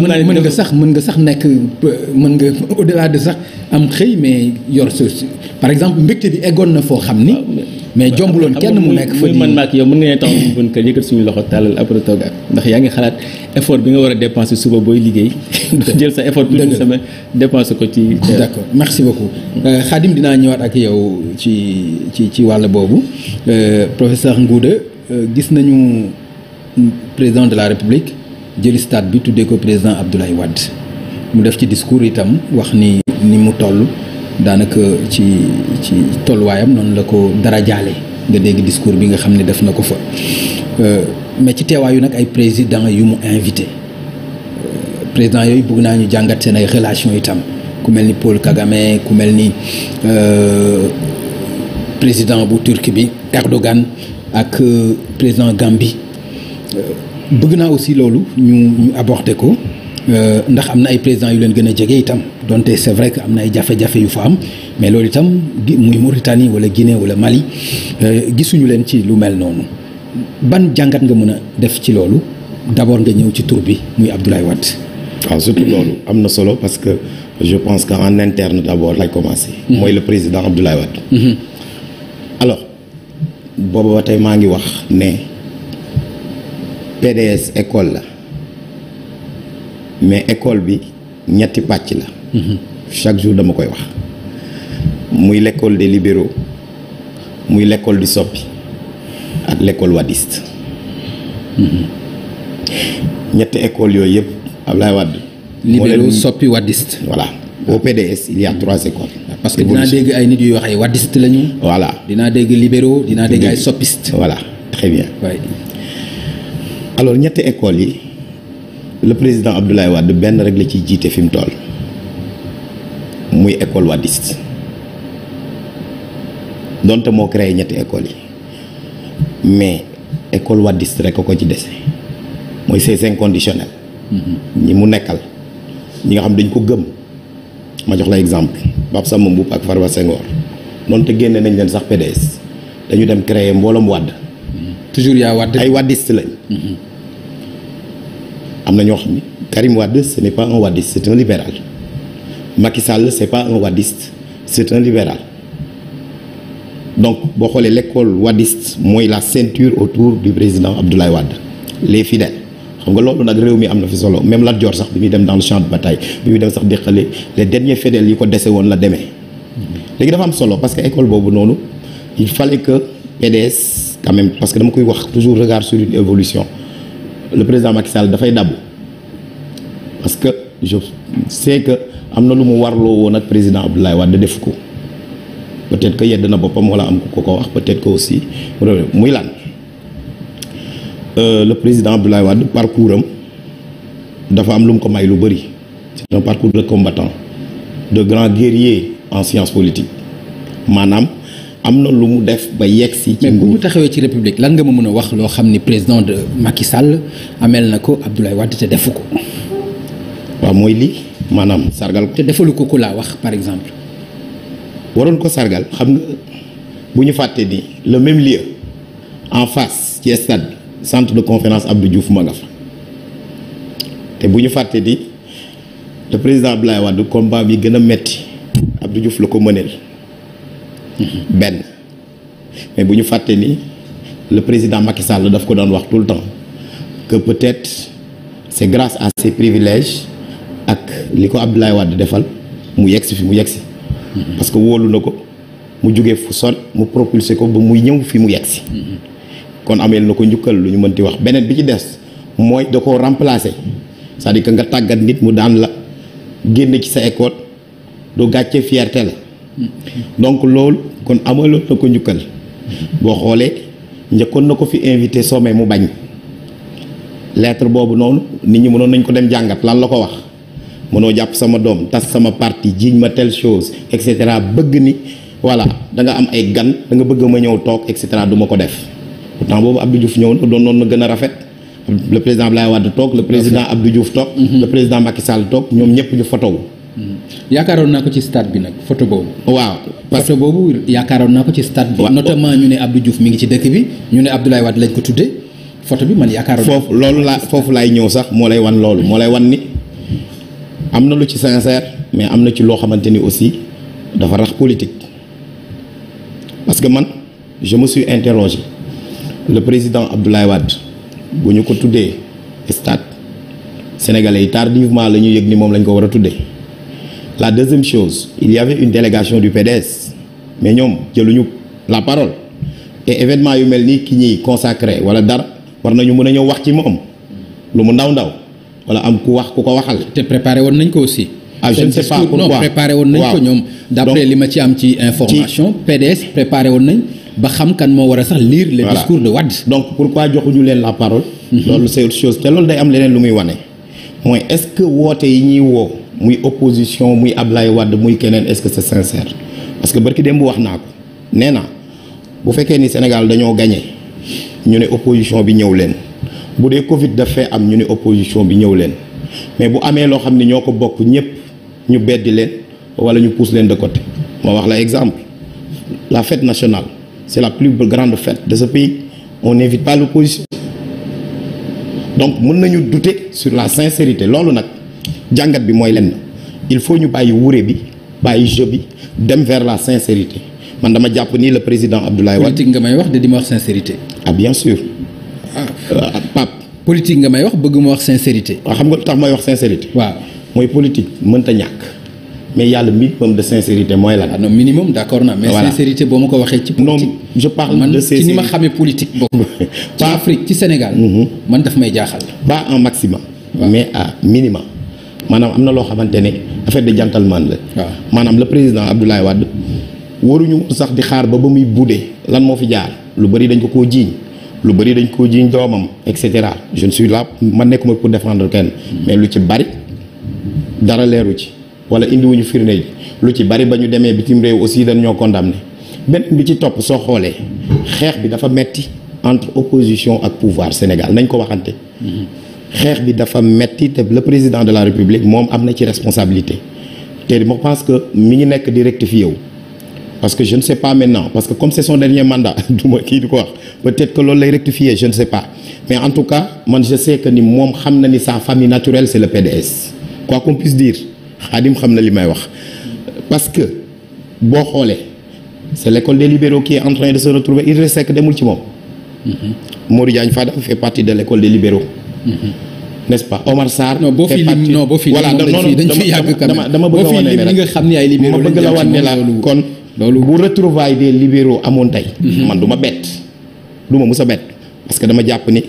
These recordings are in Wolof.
xam naa ne mën nga sax mën nga sax nekk mën nga au sax am xëy mais yor sa par exemple mbégte bi eggoon na foo xam ni. mais jombuloon kenn mu nekk fa man maak yow mën nga ne tax bun kër loxo tàllal après ak ndax yaa ngi xalaat effort bi nga war a dépenser suba booy liggéey jël sa effort toute une semaine dépenser ko ci euh, d'accord merci beaucoup mm. euh, Khadim dinaa ñëwaat ak yow ci ci ci wàll boobu euh, professeur Ngouda gis nañu président de la République jël stade bi tuddee ko président Abdoulaye wadd mu def ci discours itam wax ni ni mu toll daanaka ci ci tolluwaayam noonu la ko dara jaale nga dégg discours bi nga xam ne def na ko fa euh, mais ci teewaayu nag ay président yu mu invité euh, président yooyu bëgg naa ñu jàngat seen ay relation itam ku mel ni Paul Kagame ku mel ni euh, président bu turki bi Erdogan ak président Gambie bëgg naa aussi loolu ñu ñu aborder ko euh, ndax am na ay présidents yu leen gën a jege itam donte c'est vrai que am na ay jafe-jafe yu fa am mais loolu itam muy Mauritanie wala Guinée wala Mali euh, gisuñu leen ci lu mel noonu ban jàngat nga mën a def ci loolu d'abord nga ñëw ci tur bi muy Abdoulaye Wade. waaw surtout loolu am na solo parce que je pense que en interne d'abord lay commencé. Mm-hmm. mooy le président Abdoulaye Wade. Mm-hmm. alors booba ba tey maa ngi wax ne. PDS école la mais école bi ñetti pàcc la. Mhm. chaque jour dama koy wax. muy lekkool de libéraux muy lekkool di soppi ak l'école wadiste. Mhm. ñetti école yooyu yëpp Ablaye Wade. libéraux soppi wadiste. voilà boo PDS il y a trois écoles. parce que dinaa dégg ay nit yuy wax ay lañu. voilà dinaa dégg libéraux dinaa dégg ay soppiste. voilà très bien. alors ñetti école yi le président Abdoulaye Wade benn rek la ciy jiite fi mu toll muy école wadiste donte moo créé ñetti école yi mais école wadiste rek a ko ci dese mooy ses inconditionnels mm-hmm. ñi mu nekkal ñi nga xam dañ ko gëm ma jox la exemple Pape sama Mboup ak Farba Senghor donte génne nañ leen sax PDS dañu dem créer mbooloom Wade mm-hmm. toujours yaa Wade ay wadiste lañ mm-hmm. am na ñoo xam ne Karim Wade ce n'est pas un wadiste c'est un libéral Macky Sall c'est pas un wadiste c'est un libéral donc boo xoolee lekkool wadiste mooy la ceinture autour du président Abdoulaye Wade les fidèles xam nga loolu nag réew mi am na fi solo même Lat Dior sax bi muy dem dans le champ de bataille bi muy dem sax déqale les derniers fidèles yi ko dese woon la demee léegi dafa am solo parce que école boobu noonu il fallait que PDS quand même parce que dama koy wax toujours regard sur une évolution le président Macky Sall dafay dabu parce que je sais que am na lu mu warloo woon ak président Abdoulaye Wade def ko peut-être que yedd na boppam wala am ko ko wax peut-être que aussi muy lan euh, le président Abdoulaye Wade parcours am dafa am lu mu ko may lu bëri c'est un parcours de combattant de grand guerrier en science politique maanaam am na lu mu def ba yegg si. mais bu ñu taxawee ci république lan nga ma mën a wax loo xam ni président de Macky Sall ameel na ko Abdoulaye Wade te defu ko. waaw mooy lii maanaam sargal ko. te defalu ko ku laa wax par exemple. waroon ko sargal xam nga bu ñu fàttee ni le même lieu en face ci stade centre de conférence Abdou Diouf ma nga fa te bu ñu fàtte ni le président Abdoulaye Wade combat bi gën a metti Abdou Diouf la ko mëneel. benn mais bu ñu fàtte ni le président Macky Sall daf ko doon wax tout le temps que peut-être c'est grâce à ses privilèges ak li ko Abdoulaye Wade defal mu yegsi fi mu yegsi parce que wóolu na ko mu jógee fu son mu propulsé ko ba muy ñëw fi mu yegsi kon ameel na ko njukkal lu ñu mënti wax beneen bi ci des mooy da koo remplacer cest à que nga tàggat nit mu daan la génn ci sa école du gàcce fierté la donc loolu kon amaloon na ko njukkal boo xoolee njëkkoon na ko fi invité sommet mu bañ lettre boobu noonu nit ñi mënoon nañ ko dem jàngat lan la ko wax mënoo jàpp sama doom tas sama parti jiiñ ma telle chose et cetera bëgg ni voilà da nga am ay gan da nga bëgg ma ñëw toog et cetera du ko def pourtant boobu Abdou Diouf ñëw na doon noonu na gën a rafet le président Abdoulaye Wade toog le président Abdou Diouf toog mhm. le président Macky Sall toog ñoom ñëpp ñu fotow Hmm. yaakaaroon naa ko ci stade bi nag photo boobu. waaw parce que boobu yaakaaroon naa ko ci stade bi. notamment ñu ne Abdou Diouf mi ngi ci dëkk bi ñu ne Abdoulaye Wade lañ ko tuddee photo bi man yaakaaroon. foofu loolu laa foofu laay ñëw sax moo lay wan loolu moo lay wan ni am na lu ci sincère mais am na ci loo xamante ni aussi dafa rax politique parce que man je me suis interrogé le président Abdoulaye Wade bu ñu ko tuddee stade sénégalais yi tardivement la ñu yëg ni moom lañ ko war a tuddee. La deuxième chose, il y une délégation du PDS mais ñoom jëluñu la parole te événement yu mel nii ki ñuy consacré wala dara war nañu mun a ñëw wax ci moom lu mu ndaw ndaw wala am ku wax ku ko waxal. te préparé woon nañ ko aussi. ah je ne sais pas woon nañ ko ñoom. d'après li ma ci am ci information. PDS préparé woon nañ ba xam kan moo war a sax lire. la discours de Wade. donc pourquoi joxuñu leen la parole. Mhm. loolu c'est autre chose te loolu day am leneen lu muy wane mooy est-ce woote yi ñuy woo. muy opposition muy lay Wade muy keneen est-ce que c'est sincère parce que barki démb wax naa ko nee bu fekkee ni Sénégal dañoo gagné ñu ne opposition bi ñëw leen bu dee Covid daf am ñu ne opposition bi ñëw leen mais bu amee loo xam ne ñoo ko bokk ñépp ñu beddi leen wala ñu pousse leen de côté moo wax la exemple la fête nationale c'est la plus grande fête de ce pays on n'invite pas l'opposition donc mën nañu douter sur la sincérité loolu nag jàngat bi mooy lenn il faut ñu bàyyi wure bi bàyyi jeu bi dem vers la sincérité man dama jàpp nii la président Abdoulaye Wade. politique nga may wax de di ma wax sincérité. ah bien sûr. ah, ah Pape. politique nga wax bëgg ma wax sincérité. waaw ah, xam nga tax may wax sincérité. waaw mooy politique mënta ñàkk. mais yàlla minimum de sincérité mooy lan. ah non minimum d' na mais voilà. sincérité boo ma ko waxee. ci politique non je parle man, de sincérité ci ni ma xamee politique ci Afrique ci Sénégal. Mhm. man daf may jaaxal. pas un maximum. Ouais. mais à minimum. maanaam am na loo xamante ne affaire de gentleman la. waaw ah. maanaam la président Abdoulaye Wade waruñu sax di xaar ba ba muy budde lan moo fi jaar lu bëri dañ ko koo jiiñ lu bëri dañ koo jiiñ doomam et cetera je ne suis là man nekkuma pour défendre kenn mais lu ci bari dara leeru ci wala indiwuñu firnde ji lu ci bari ba ñu demee bitim réew aussi dañ ñoo condamné beneen bi ci topp soo xoolee xeex bi dafa metti entre opposition ak pouvoir Sénégal nañ ko waxante. xeex bi dafa metti te le président de la république moom am na ci responsabilité te je pense que mi ngi nekk di rectifier wu parce que je ne sais pas que comme c'est son dernier mandat du ma kii di ko mais en tout cas man je sais que ni moom xam na ni sa famille naturelle c'est le PDS quoi qu'on puisse dire Khadim xam na li may wax parce que boo xoolee c'est l'école de libéraux qui est en train de se retrouver Idrissa Seck demul ci moom mm-hmm. Modou Diagne Fada fait partie de l'école des libéraux n'est-ce pas Omar Sarr. non boo fi lim non dañ fi yàgg quand même a wan ne ma bëgg la wan kon. bu retrouvaille des libéraux amoon tey. Mhm. man du bett du mus a bett parce dama jàpp ni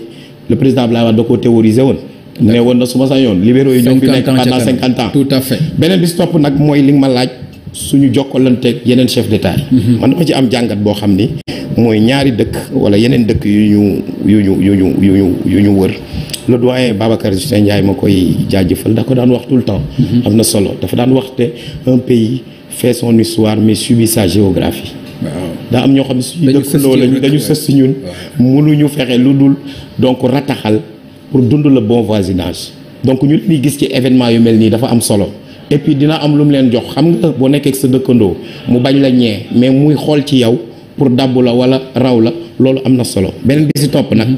le président Abdoulaye Wade da koo théorisé woon. ne woon na su sañoon libéraux yi ñoo fi nekk pendant cinquante ans beneen bi si nag mooy li ma laaj. suñu jokkalanteeg yeneen chef d'état yi mhm. na dama ci am jàngat boo xam ni mooy ñaari dëkk wala yeneen dëkk yu ñu yu ñu yu ñu yu ñu wër le doyen Babacar Justin Ndiaye ma koy jaajëfal da ko daan wax tout le mhm. am na solo dafa daan wax te un pays fait son histoire mais subit sa géographie daa am ñoo xam ne suñu dëkkaloo lañu dañu sës si ñun mënuñu fexe lu dul donc rataxal pour dund la bon voisinage donc ñu li gis ci événement yu mel nii dafa am solo et dina am lu mu leen jox xam nga boo nekkee sa dëkkandoo mu bañ la ñee mais muy xool ci yow pour dabbu la wala raw la loolu am na solo beneen bi si topp nag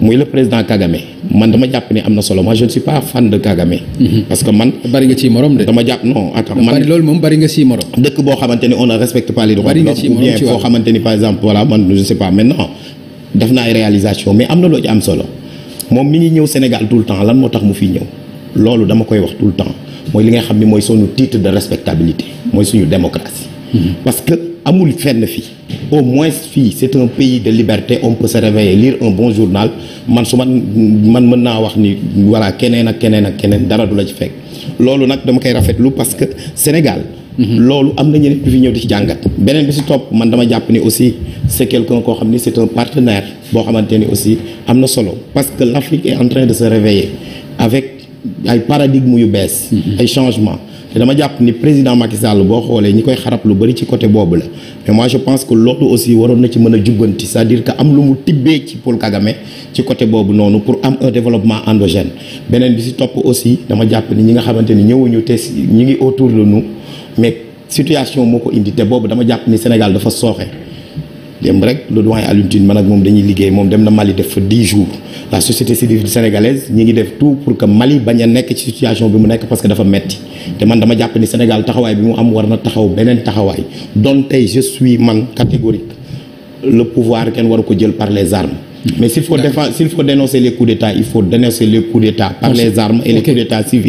muy le président Kagame man dama jàpp ni am na solo moi je ne suis pas fan de Kagame. Mhm. parce morom de. dama jàpp non bari moom bari nga dëkk boo xamante ne respecte pas les droits de l'homme ou bien foo xamante ni réalisation mais am na loo ci solo moom mi ngi ñëw Sénégal tout le temps lan moo tax mu fi ñëw loolu dama koy wax tout le temps. mooy li nga xam ni mooy soonu titre de respectabilité mooy suñu démocratie mm-hmm. parce que amul fenn fii au moins fii c'est un pays de liberté on peut se réveiller lire un bon journal man su man man mën naa wax ni voilà keneen ak keneen ak keneen dara du la ci fekk loolu nag dama koy rafetlu parce que Sénégal mm-hmm. loolu am na ñeneen ñu fi ñëw di ci jàngat beneen bi si topp man dama jàpp ni aussi c'est quelqu'un koo xam ni c'est un partenaire boo xamante ni aussi am na solo parce que l'Afrique est en train de se avec ay paradigme yu bees. ay changement te dama jàpp ni président Macky Sall boo xoolee ñi koy xarab lu bëri ci côté boobu la mais moi je pense que loolu aussi waroon na ci mën a jubbanti c'est-à-dire que am lu mu tibbee ci Paul Kagame ci côté boobu noonu pour am un développement endogène beneen bi si topp aussi dama jàpp ni ñi nga xamante ni ñëwuñu te ñi ngi autour de nu mais situation moo ko indi te boobu dama jàpp ni Sénégal dafa sooxe. démb rek le doyen Alioune Tine man ak moom dañuy liggéey moom dem na Mali def fa dix jours la société civile sénégalaise ñi ngi def tout pour que Mali bañ a nekk ci situation bi mu nekk parce que dafa metti te man dama jàpp ni Sénégal taxawaay bi mu am war na taxaw beneen taxawaay donc tey je suis man catégorique le pouvoir kenn waru ko jël par les armes. mais s'il faut défendre s'il faut dénoncer les coups d'État il faut dénoncer les coups d'État par les armes de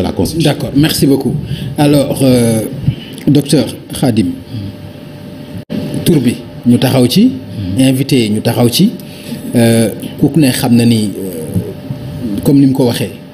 la Constitution. d'accord tur bi ñu taxaw ci. Mm-hmm. invité ñu taxaw ci euh, ku ne xam na ni euh, comme ni mu ko waxee.